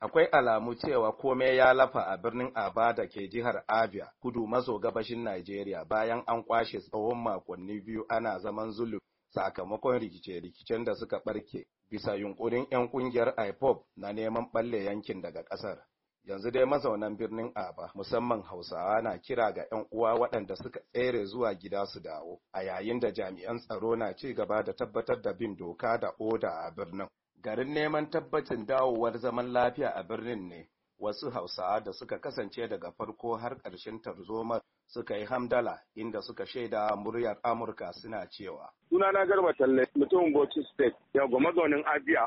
Akwai alamu cewa komai ya lafa a birnin Aba da ke jihar Abia, kudu maso gabashin Najeriya bayan an kwashe tsawon makonni biyu ana zaman zulu sakamakon rikice-rikicen da suka barke bisa yunkurin 'yan kungiyar IPOP na neman balle yankin daga ƙasar. yanzu dai mazaunan birnin aba musamman hausawa na kira ga 'yan uwa waɗanda suka tsere zuwa gida su dawo a yayin da jami'an tsaro na ci gaba da tabbatar da bin doka da oda a birnin garin neman tabbacin dawowar zaman lafiya a birnin ne wasu hausawa da suka kasance daga farko har ƙarshen tarzomar suka yi hamdala inda suka shaida muryar amurka suna cewa sunana garba talle mutumin bauchi state yawwa mazaunin abia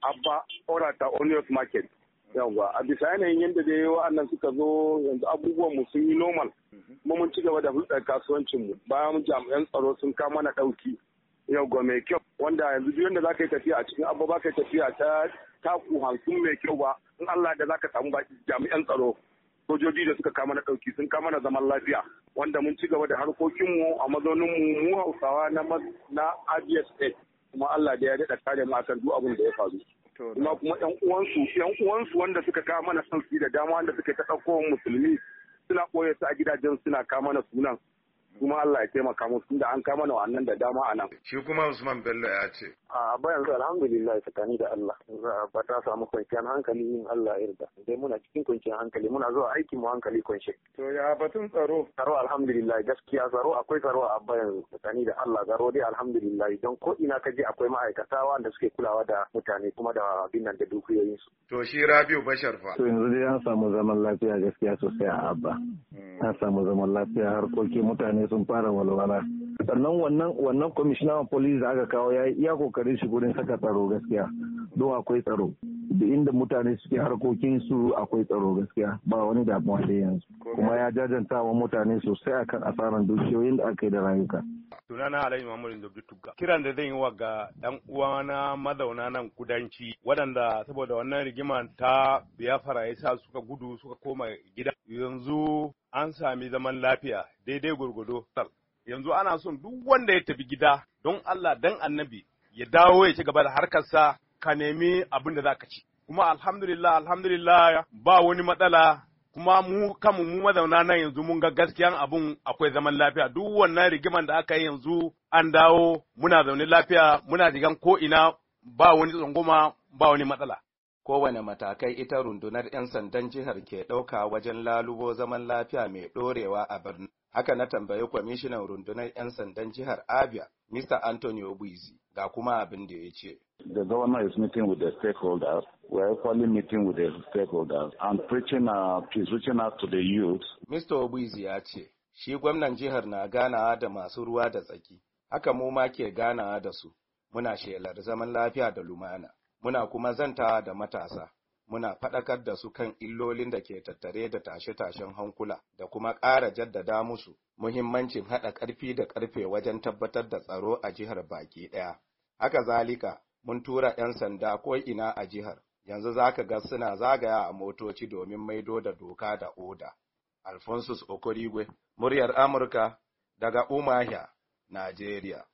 abba orata onios market yawwa a bisa yanayin yadda da yi wa'annan suka zo yanzu abubuwan mu sun yi normal kuma mhm. mun ci gaba da hulɗar kasuwancin mu bayan jami'an tsaro sun kama na ɗauki yauwa mai kyau wanda yanzu duk yadda za ka yi tafiya a cikin ba ka yi tafiya ta taku hankun mai kyau ba in Allah da za ka samu jami'an tsaro sojoji da suka kama na ɗauki sun kama na zaman lafiya wanda mun ci gaba da harkokinmu a mazauninmu mu hausawa na Abia kuma Allah da ya daɗa kare mu akan duk abin da ya faru. Kuma kuma ƴan uwansu ƴan uwansu wanda suka kama na sauki da dama wanda suka ta ɗauko musulmi suna ɓoye su a gidajen suna kama na sunan kuma Allah ya taimaka musu tunda an kama na wannan da dama a nan. Shi kuma Usman Bello ya ce. A ba yanzu alhamdulillah tsakani da Allah ba ta samu kwanciyar hankali yin Allah yarda dai muna cikin kwanciyar hankali muna zuwa aiki mu hankali kwance. To ya batun tsaro. Tsaro alhamdulillah gaskiya tsaro akwai tsaro a ba yanzu tsakani da Allah tsaro dai alhamdulillah don ko ina ka je akwai ma'aikata wanda suke kulawa da mutane kuma da abin nan da dukiyoyin su. To shi Rabiu Bashar fa. To yanzu dai an samu zaman lafiya gaskiya sosai a Abba. Mm. An samu zaman lafiya harkokin mutane ne sun fara walwala sannan wannan wannan kwamishinan police da aka kawo ya iya kokarin shi gurin saka tsaro gaskiya don akwai tsaro da inda mutane suke harkokin su akwai tsaro gaskiya ba wani damuwa da yanzu kuma ya jajanta wa mutane sosai akan asaran dukiyoyin da aka yi da rayuka sunana Alhaji mamurin Dabdu Tugga. Kiran da zan yi wa ga uwa uwana mazauna nan kudanci waɗanda saboda wannan rigima ta biyafara ya sa suka gudu suka koma gida. Yanzu an sami zaman lafiya daidai gurgudo. Yanzu ana son duk wanda ya tafi gida don Allah dan annabi ya dawo ya ci gaba da harkarsa ka nemi abin da za ka ci. Kuma alhamdulillah alhamdulillah ba wani matsala kuma mu kamu mu mazauna nan yanzu mun ga gaskiyan abun akwai zaman lafiya duk wannan rigiman da aka yi yanzu an dawo muna zaune lafiya muna digan ko ina ba wani tsangoma ba wani matsala kowane matakai ita rundunar 'yan sandan jihar ke ɗauka wajen lalubo zaman lafiya mai ɗorewa a birnin. Haka na tambayi kwamishinan rundunar 'yan sandan jihar Abia, Mr. Anthony Obuizi, ga kuma abin da ya ce. The governor is meeting with the stakeholders. We are equally meeting with the stakeholders and preaching out, uh, preaching out to the youth. Mr. Obuizi ya ce, shi gwamnan jihar na ganawa da masu ruwa da tsaki, haka mu ma ke ganawa da su, muna shelar zaman lafiya da lumana. muna kuma zanta da matasa muna faɗakar da su kan illolin da ke tattare da tashe-tashen hankula da kuma ƙara jaddada musu muhimmancin haɗa ƙarfi da ƙarfe wajen tabbatar da tsaro a jihar baki ɗaya. Haka zalika, mun tura 'yan sanda ko ina a jihar, yanzu za ka ga suna zagaya a motoci domin maido da doka da oda. Alphonsus Okorigwe, muryar Amurka, daga Umahia, Najeriya.